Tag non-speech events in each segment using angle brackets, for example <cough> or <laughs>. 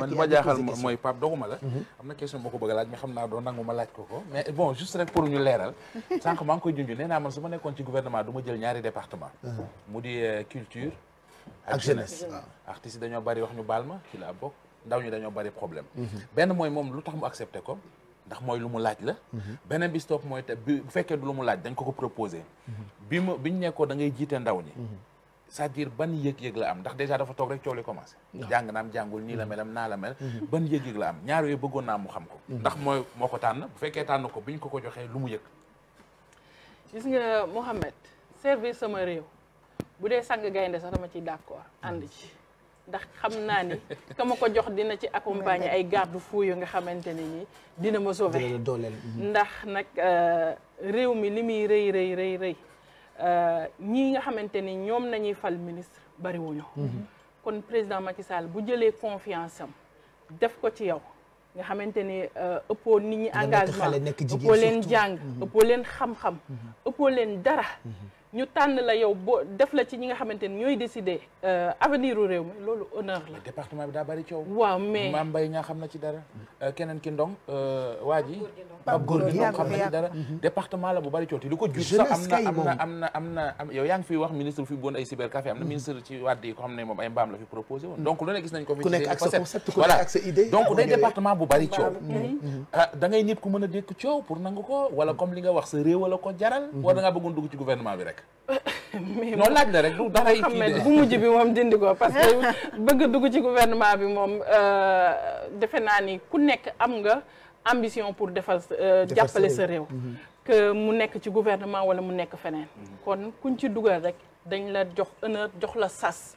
man li ma jaaxal mooy Pape doguma la mhm. am na question boo ko bëgg a laaj mais xam naa doo nangu ma laaj ko ko mais bon juste rek pour ñu leeral <laughs> sànq maa koy junj nee man su ma nekkoon ci gouvernement du ma jël ñaari département mhm. mu di euh, culture ak jeunesse artistes dañoo bari wax ñu baal ma ci laa bokk ndaw ñi dañoo bari problème mhm. benn mooy moom lu tax mu accepté ko ndax mooy lu mu laaj la beneen bi topp mooy te bu fekkee du lu mu laaj dañ ko ko proposé bi mu bi ñu nekkoo da ngay jiite ndaw ni c'est-à-dire ban yëg-yëg la am ndax déjà dafa toog rek coow li commencé jàng naam jàngul nii la melam naa la mel mhm. ban yëg-yëg la am ñaar yooyu bëggoon naa mu xam ko mhm. ndax mooy moo ko tànn bu fekkee tànn ko bi ñu ko ko joxee lu mu yëg gis nga Mouhamed service sama réew bu dee sang gaynde sax dama ciy d'accord ànd ci ndax xam naa ni ka ma ko jox dina ci accompagner ay garde fou yu nga xamante ne nii dina ma sauver dooleel mhm. ndax nag euh, réew mi ni muy rëy rëy rëy rëy Euh, ñii nga xamante ni ñoom nañuy fal ministre bariwuñu mhm. kon président Macky bu jëlee confiance am def ko ci yow nga xamante ni euh, ëppoo nit ñi engagement ëppoo leen jàng mhm. ëppoo leen xam-xam mhm. ëppoo leen dara ñu tànn la yow boo def la ci ñi nga xamante ni ñooy décider euh, avenir u réew mi loolu honneur la. département bi daa bari coow. waaw mais Mame Mbaye ñaa xam na ci dara. Mm. Euh, keneen ki ndong euh, waa ji. Pape Góor bu bari coow te lu ko jur sax am na am na am na am na yow yaa ngi fiy wax ministre fi bon ay cybercafé am na mm. ministre ci wàdd ko xam ne moom ay mbaam la fi proposé woon. Mm. donc lu ne gis nañ ko. ku nekk ak sa donc day département bu bari coow. Mm-hmm. Mm-hmm. Mm-hmm. Ah, da nit ku mën a dékk coow pour bi rek moo laaj la rek du dara yi kii bu mujj bi moom dindi ko parce que bëgg dugg ci gouvernement bi moom euh, defe naa ni ku nekk am nga ambition pour defal euh, jàppale sa réew mhm. que mu nekk ci gouvernement wala mu nekk feneen mhm. kon kuñ ci dugal rek dañ la jox honneur jox la sas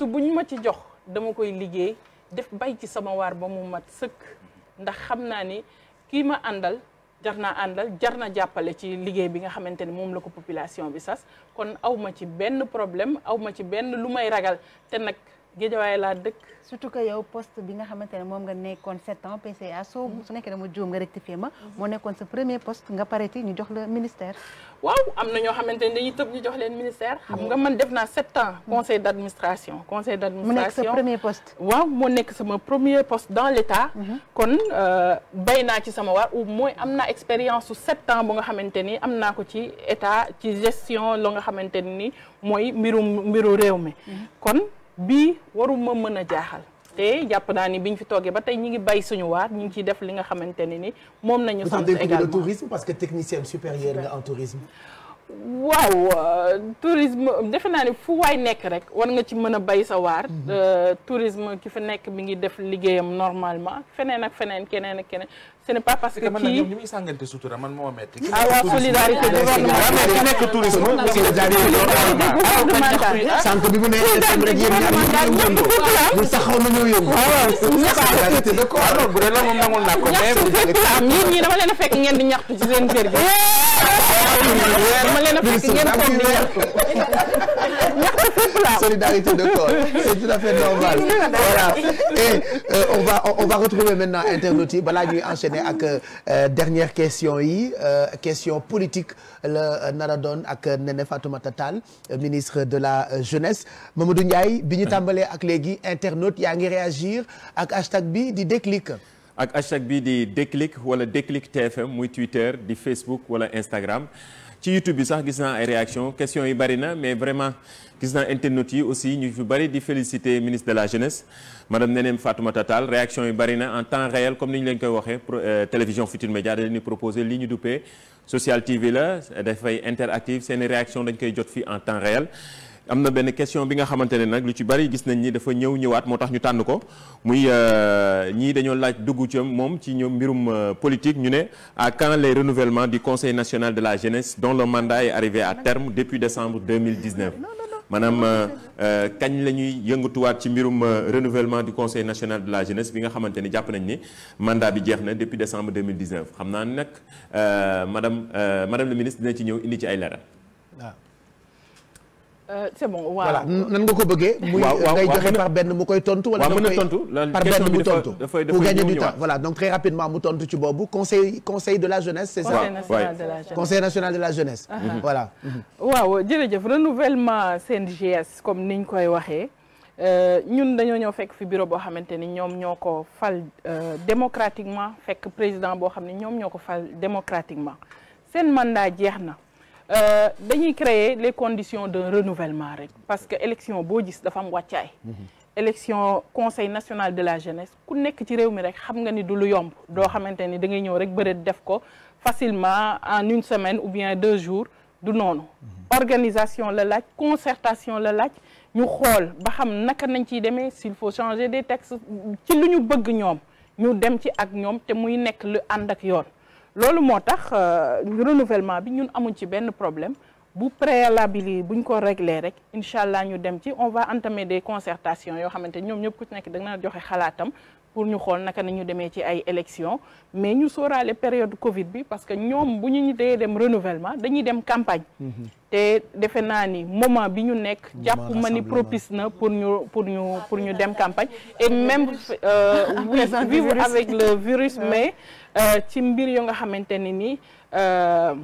bu ñu ma ci jox dama koy liggéey def bay ci sama waar ba mu mat sëkk ndax xam naa ni kii ma àndal jar na àndal jar na jàppale ci liggéey bi nga xamante ni moom la ko population bi sas kon awma ci benn problème awma ci benn lu may ragal te nag géejawaay laa dëkk. surtout que yow post bi nga xamante ne moom nga nekkoon sept ans PCA soo mm-hmm. su nekkee dama juum nga rectifier ma. Mm-hmm. moo nekkoon sa premier poste nga pareti ñu jox la ministère. waaw am na ñoo xamante ne dañuy tëb ñu jox leen ministère. xam nga man def naa sept ans mm-hmm. conseil d' administration. conseil d' administration mu nekk sa premier poste. moo nekk sama premier poste dans l' état. kon euh, bay naa ci sama war ou mooy am naa expérience su sept ans bu nga xamante nii am naa ko ci état ci gestion loo nga xamante ni mooy mbirum mbiru réew mi bii waruma mën a jaaxal te jàpp naa ni bi ñu fi toogee ba tey ñu ngi bay suñu waar ñu ngi ciy def li nga xamante ne ni moom nañu sant également tourisme parce que technicienne supérieure nga en tourisme waaw euh, tourisme defe naa ne fu waay nekk rek war nga ci mën a bay sa waar mhm. euh, tourisme ki fa nekk mi ngi def liggéeyam normalement feneen ak feneen keneen ak keneen ce n'est pas parce que kii ñu ngi sàngante sutura man moo metti a waaw solidarité gouvernementale nekk tourisme sànq bi mu ne seen rek yéen ñaar ñu yëngoo ñu taxaw na ñoo yëngu ah solidarité ah de corps alors ah bu dee loolu moom nangul naa ko mais ñi dama leen a fekk ngeen di ñaxtu ci seen kër gi dama leen a solidarité de corps c'est tout à fait normal et euh, on va retrouver maintenant internautes yi balaa ñuy enchaîner ak euh, dernière question yi euh, question politique la nara ak Néné Fatoumata ministre de la euh, jeunesse Mamadou Ndiaye bi ñu tàmbalee ak léegi internautes yaa ngi réagir ak hashtag bi di déclic ak hashtag bi di déclic wala déclic TFM muy Twitter di Facebook wala Instagram ci YouTube bi sax gis naa ay réaction question yi bari na mais vraiment gis naa internautes yi aussi ñu fi bari di féliciter ministre de la jeunesse madame Néné Fatoumata Tall réaction yi bari na en temps réel comme ni ñu leen koy waxee euh, télévision Futur Média da leen proposer li ñu duppee Social TV la dafay interactive seeni réaction dañ koy jot fii en temps réel am na benn question bi nga xamante ne nag lu ci bari gis nañ ni dafa ñëw ñëwaat moo tax ñu tànn ko muy euh, ñii dañoo laaj dugg ci moom ci ñoom mbirum euh, politique ñu ne à quand les du conseil national de la jeunesse dont le mandat est arrivé à terme depuis décembre 2019 maanaam euh, kañ la ñuy yëngatuwaat ci mbirum renouvellement du conseil national de la jeunesse bi nga xamante ni jàpp nañ ni mandat bi jeex na depuis décembre 2019 xam naa nag madame madame le ministre dina ci ñëw indi ci ay leeral waaw ah. Euh, c'est bon waaw voilà nan nga ko bëggee. muy ngay joxe par benn mu koy tontu. wala mën na tontu par benn mu tontu. pour gagner du temps voilà donc très rapidement mu tontu ci boobu conseil conseil de la jeunesse. c'est ça conseil national de la jeunesse. Ah, ah. Mm-hmm. voilà. Mm-hmm. waaw jërëjëf renouvellement CNJS comme niñ koy waxee. Euh, ñun dañoo ñëw fekk fi bureau boo xamante ni ñoom ñoo ko fal euh, démocratiquement fekk président boo xam ne ñoom ñoo ko fal démocratiquement seen mandat jeex na. Euh, dañuy créer les conditions de renouvellement rek parce que élection boo gis dafa am wàccaay mhm. élection conseil national de la jeunesse ku nekk ci réew mi rek xam nga ni du lu yomb doo xamante ni da ngay ñëw rek bëri def ko facilement en une semaine ou bien deux jours du noonu mhm. organisation la laaj concertation la laaj ñu xool ba xam naka nañ ciy demee s'il faut changer des textes ci lu ñu bëgg ñoom ñu dem ci ak ñoom te muy nekk lu ànd ak yoon loolu moo tax euh, renouvellement bi ñun amuñ ci benn problème bu préalable yi buñ ko réglé rek incha allah ñu dem ci on va entamer des concertations yoo xamante ñoom ñëpp ku ci nekk danga na joxe xalaatam pour ñu xool naka nañu demee ci ay élections mais ñu sóoraale période Covid bi parce que ñoom bu ñu dee dem renouvellement dañuy dem campagne. Mhm. te defe naa ni moment bi ñu nekk. jàpp ma ni propice na pour ñu pour ñu pour ñu dem campagne. et même euh, <laughs> oui, vivre avec le virus mais euh, ci mbir yu nga xamante ne ni euh,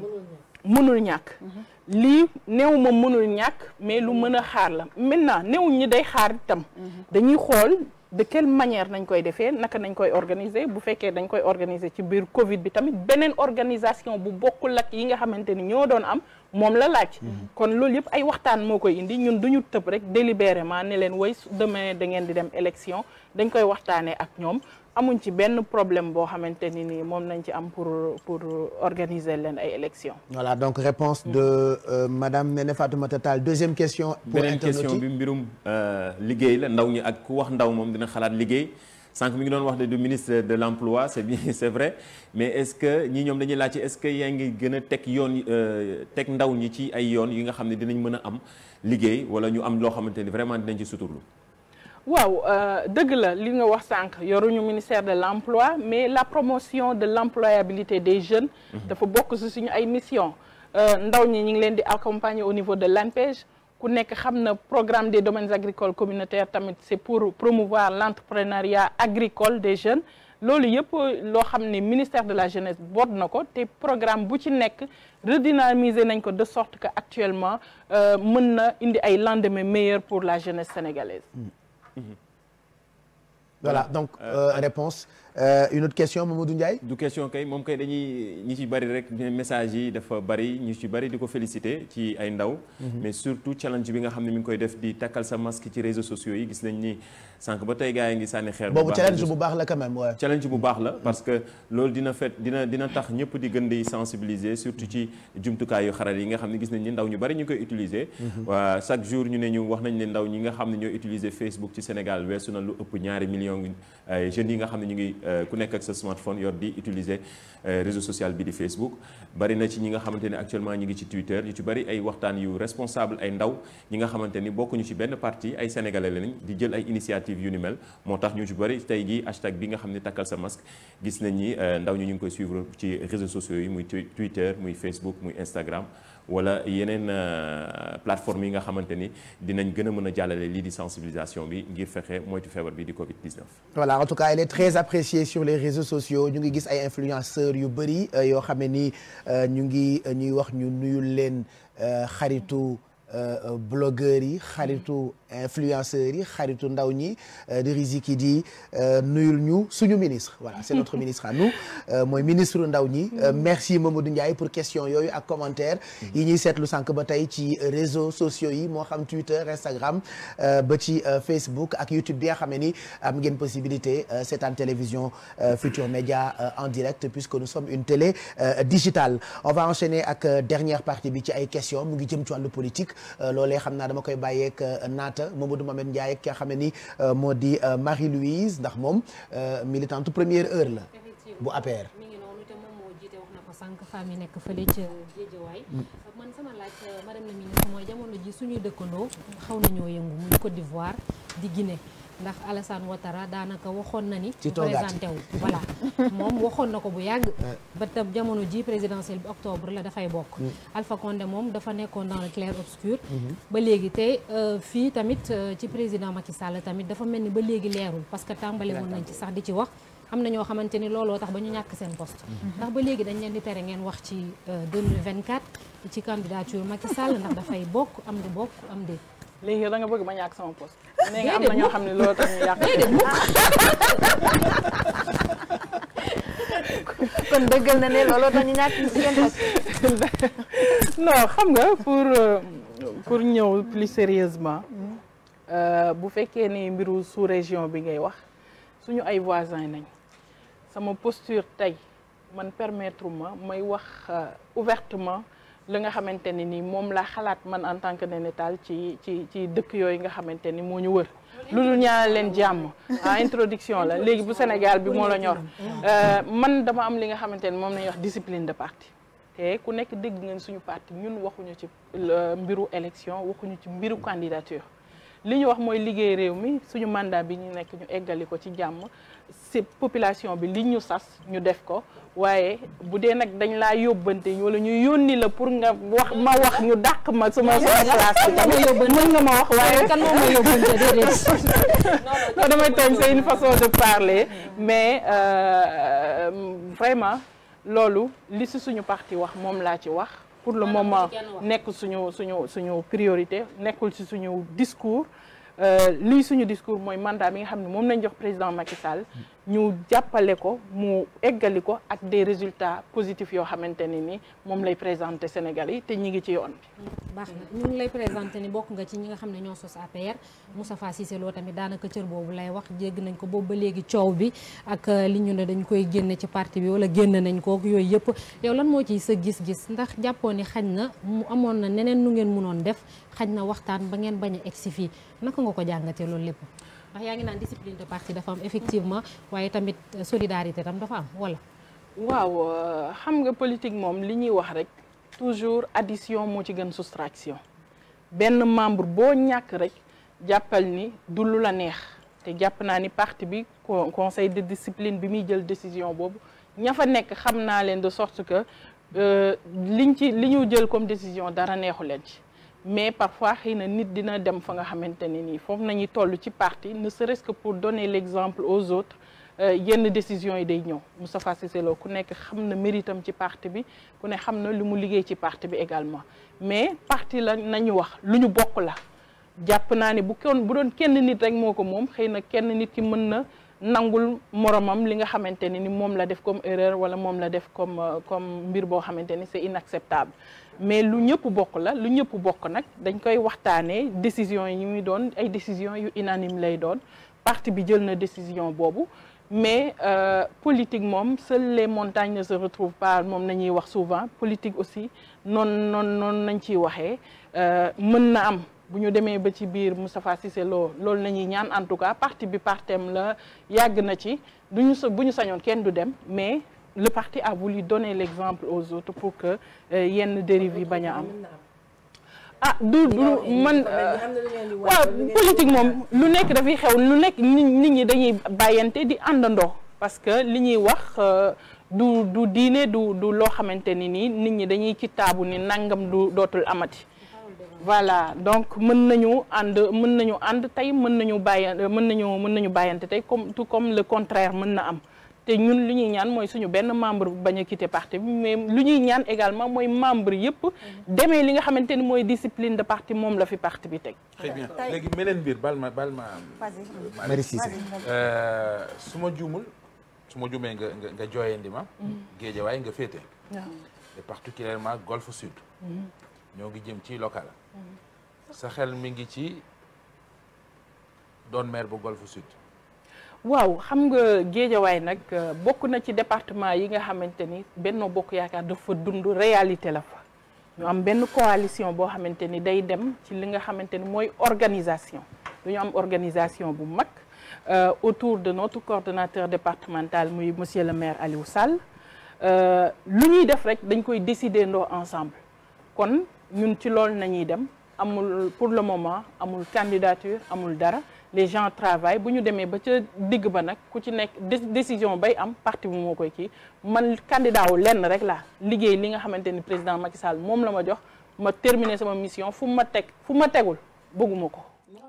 mënul ñàkk. Mhm. lii néew ma mënul ñàkk mais lu mën a xaar la maintenant néew ñu day xaar itam. Mhm. dañuy xool de quelle manière nañ koy defee naka nañ koy organiser bu fekkee dañ koy organiser ci biir Covid bi tamit beneen organisation bu bokkul ak yi nga xamante ni ñoo doon am moom la laaj mhm. kon loolu yëpp ay waxtaan moo koy indi ñun duñu tëb rek délibérément ne leen woy demain da ngeen di dem élection dañ koy waxtaanee ak ñoom amuñ ci benn problème boo xamante ni nii moom nañ ci am pour pour organiser leen ay élections. voilà donc réponse de euh, madame Néné Fatoumata Tall deuxième question. pour internaute question bi mbirum euh, liggéey la ndaw ñi ak ku wax ndaw moom dina xalaat liggéey. sànq mi ngi doon wax ne du ministre de l'emploi c'est bien <laughs> vrai mais est-ce que ñi ñoom dañuy laajte est-ce que yaa ngi gën a teg yoon euh, teg ndaw ñi ci ay yoon yi nga xam ne dinañ mën a am liggéey wala ñu am loo xamante ni vraiment dinañ ci suturlu. waaw euh, dëgg la li nga wax sànq yoruñu ministère de l'emploi mais la promotion de l'employabilité des jeunes. Mhm. dafa bokk ci suñu ay mission euh, ndaw ñi ñu ngi leen di accompagner au niveau de l'ANPEJ ku nekk xam na programme des domaines agricoles communautaires tamit c'est pour promouvoir l'entrepreneuriat agricole des jeunes loolu yëpp loo xam ne ministère de la jeunesse boot na ko te programme bu ci nekk redynamiser nañ ko de sorte que actuellement euh, mën na indi ay lendemain meilleur pour la jeunesse sénégalaise. Mmh. Mmh. donc euh, euh, réponse Euh, une autre question Mamadou Ndiaye. du question kay moom kay dañuy ñi ci bari rek message yi dafa bari ñu ci bari di ko féliciter ci ay ndaw. Mhm. mais surtout challenge bi nga xam ne mu ngi koy def di takkal sa masque ci réseaux sociaux yi gis nañ ni sànq ba tey gars yi ngi sànni xeer. boobu challenge bu baax la quand même waaw. challenge bu baax la mhm. parce que loolu dina fet dina dina tax ñëpp di di sensibiliser surtout ci jumtukaay yu xaral yi nga xam ne gis nañ ni ndaw ñu bari ñu koy utiliser. Mhm. waa chaque jour ñu ne ñu wax nañ ne ndaw ñi nga xam ne ñoo utiliser Facebook ci Sénégal weesu na lu ëpp ñaari millions jeunes yi nga xam ne ñu ngi Euh, ku nekk ak sa smartphone yor di utiliser euh, réseau social bi di Facebook bari na ci ñi nga xamante ne actuellement ñi ngi ci Twitter ñu ci bari waxtaan yu responsable ay ndaw ñi nga xamante ni bokkuñu ci benn parti ay sénégalais lañ di jël ay initiative yu ni mel moo tax ñu ci bari tey jii hashtag bi nga xam ne takkal sa masque gis nañ ni euh, ndaw ñi ñu ngi koy suivre ci réseaux sociaux yi muy Twitter muy Facebook muy Instagram. wala yeneen euh, plateforme yi nga xamante ni dinañ gën a mën a jàllale lii di sensibilisation bi ngir fexe moytu feebar bi di Covid 19. voilà en tout cas elle est très sur les réseaux sociaux ñu ngi gis ay influenceurs yu bëri euh, yoo xam ne ni euh, ñu ngi ñuy wax ñu nuyul leen xaritu blogueurs yi xaritu. influenceurs yi xaritu ndaw ñi euh, di risiki di euh, nuyul ñu suñu ministre voilà c'est notre <laughs> ministre à nous euh, mooy ministre ndaw ñi mm-hmm. merci Mamadou Ndiaye pour question yooyu ak commentaire mm-hmm. yi ñuy seetlu sànq ba tey ci réseaux sociaux yi moo xam Twitter Instagram ba ci Facebook ak YouTube bi nga xamee ni am ngeen possibilité seetaan télévision Futur Média en direct puisque nous sommes une télé digitale on va enchaîner ak dernière partie bi ci ay question mu ngi jëm ci wàllu politique loolee xam naa dama koy bàyyeek naat Diatta Mamadou Mamed Ndiaye ki nga xam ne ni euh, moo di euh, Marie Louise ndax moom euh, militante première heure la bu APR sànq femme yi nekk fële ca Géejawaay mm. man sama laaj mooy jamono ji suñuy dëkkandoo xaw nañoo yëngu muy Côte d'Ivoire di Guinée ndax Alassane Ouattara daanaka waxoon na ni. ci présenté wu voilà moom waxoon na ko bu yàgg. ba tam jamono ji présidentielle bi octobre la dafay bokk. Mm. Alpha Condé moom dafa nekkoon dans le clair mm-hmm. ba léegi te euh, fii tamit euh, ci président Macky Sall tamit dafa mel ni ba léegi leerul parce que tàmbali woon nañ ci sax di ci wax. am na ñoo xamante ni looloo tax ba ñu ñàkk seen poste. Mm-hmm. ndax ba léegi dañ leen di tere ngeen wax ci 2024 euh, ci candidature Macky Sall ndax dafay bokk am di bokk am déet. léegi yow nga bëgg ma ñàkk sama poste. nee nga am na ñoo xam ne loolu tax ñu yàq. kon dëggal na ne looloo tax ñu ñàkk seen poste. non xam nga pour euh, pour ñëw plus sérieusement euh, bu fekkee ni mbiru sous région bi ngay wax suñu ay voisins nañ sama posture tey man permettre ma may wax euh, ouvertement li nga xamante ne ni moom laa xalaat man en tant que nénatal ci ci ci dëkk yooyu nga xamante ni moo ñu wër lu dul ñaanal leen jàmm ah introduction la léegi bu Sénégal bi moo la ñor euh, man dama am li nga xamante ni moom lañuy wax discipline de parti te ku nekk dégg ngeen suñu parti ñun waxuñu ci euh, mbiru élection waxuñu ci mbiru candidature li ñu wax mooy liggéey réew mi suñu mandat bi ñu nekk ñu eggali ko ci jàmm si population bi li ñu sas ñu def ko waaye bu dee nag dañ laa yóbbante wala ñu yónni la pour nga wax ma wax ñu dàq ma sama sama place <laughs> bi nga ma wax waaye kan moom ma yóbbante déedéet soo <laughs> damay tooñ c'est une façon de parler mais euh, vraiment loolu li si suñu parti wax moom laa ci wax pour le moment nekk suñu suñu suñu priorité nekkul ci suñu discours euh, lii suñu discours mooy mandat mi nga xam ne moom lañ jox président Macky ñu jàppale ko mu eggali ko ak des résultats positifs yoo xamante ne ni moom lay présenté Sénégal yi te ñi ngi ci yoon bi. baax na ñu lay présenté ni bokk nga ci ñi nga xam ne ñoo sos APR Moustapha Cissé loo tamit daanaka cër boobu lay wax jégg nañ ko boobu ba léegi coow bi ak euh, li ñu ne dañ koy génne ci parti bi wala génn nañ kook yooyu yëpp yow lan moo ciy sa gis-gis ndax jàppoo ni xañ na mu amoon na neneen nu ngeen munoon def xaj na waxtaan ba ngeen bañ a egsi fii naka nga ko jàngatee loolu lépp. yaa ngi naan discipline de parti dafa am effectivement waaye tamit euh, solidarité tam dafa am wala. waaw euh, xam nga politique moom li ñuy wax rek toujours addition moo ci gën soustraction benn membre boo ñàkk rek jàppal ni du lu la neex te jàpp naa ni parti bi conseil de discipline bi muy jël décision boobu ña fa nekk xam naa leen de sorte que euh, liñ ci li ñu jël comme décision dara neexu leen ci. mais parfois xëy na nit dina dem fa nga xamante ne nii foofu nañuy toll ci parti ne serait-ce que pour donner l'exemple aux autres euh, yenn décisions yi day ñëw Moustapha Cissé Lo ku nekk xam na mérite am ci parti bi ku ne xam na lu mu liggéey ci parti bi également mais parti la nañu wax lu ñu bokk la jàpp naa ne bu kon bu doon kenn nit rek moo ko moom xëy na kenn nit ki mën na nangul moromam li nga xamante ne ni moom la def comme erreur wala moom la def comme euh, comme mbir boo xamante ni c'est inacceptable mais lu ñëpp bokk la lu ñëpp bokk nag dañ koy waxtaanee décision yi muy doon ay décision yu unanime lay doon parti bi jël na décision boobu mais euh, politique moom seules les montagnes ne se retrouvent pas moom nañuy wax souvent politique aussi noon noon noonu nañ ci waxee euh, mën na am bu ñu demee ba ci biir Moustapha Cissé Lo loolu nañuy ñaan en tout cas parti bi partem la yàgg na ci du ñu bu ñu sañoon kenn du dem mais le parti a voulu donner l'exemple aux autres pour que euh, yenn dérive yi bañ a am ah du du man euh, waaw moom lu nekk dafay xew lu nekk nit ñi dañuy bàyyante di àndandoo parce que li ñuy wax euh, du du diine du du loo xamante ni nii nit ñi dañuy ci taabu ni nangam du dootul amati voilà donc mën nañu ànd mën nañu ànd tey mën nañu bàyyi mën nañu mën nañu bàyyante tey comme tout comme le contraire mën na am te ñun lu ñuy ñaan mooy suñu benn membre bañ a quitter parti bi mais lu ñuy ñaan également mooy membre yëpp demee li nga xamante ni mooy discipline de parti moom la fi parti bi teg très bien léegi meneen mbir bal ma bal ma Marie Cissé euh, su ma juumul su ma juumee nga nga jooyandi ma mm-hmm. géejawaay nga féete et particulièrement Golfe Sud mm-hmm. ñoo ngi jëm ci local mm-hmm. sa xel mi ngi ci doon maire bu Golfe Sud waaw xam nga Géejawaay nag euh, bokk na ci département yi nga xamante ni Benno Bokk Yaakaar dafa dundu réalité la fa ñu am benn coalition boo xamante ni day dem ci li nga xamante ni mooy organisation dañu am organisation bu mag euh, autour de notre coordonnateur départemental muy monsieur le maire Aliou Sall euh, lu ñuy def rek dañ koy décider ndoo ensemble kon ñun ci loolu nañuy dem amul pour le moment amul candidature amul dara les gens travaillent bu ñu demee ba ca digg ba nag ku ci nekk décision bay am parti bu moo koy kii man candidat wu lenn rek laa liggéey li nga xamante ni président Macky moom la ma jox ma terminer sama mission fu ma teg fu ma tegul bëgguma ko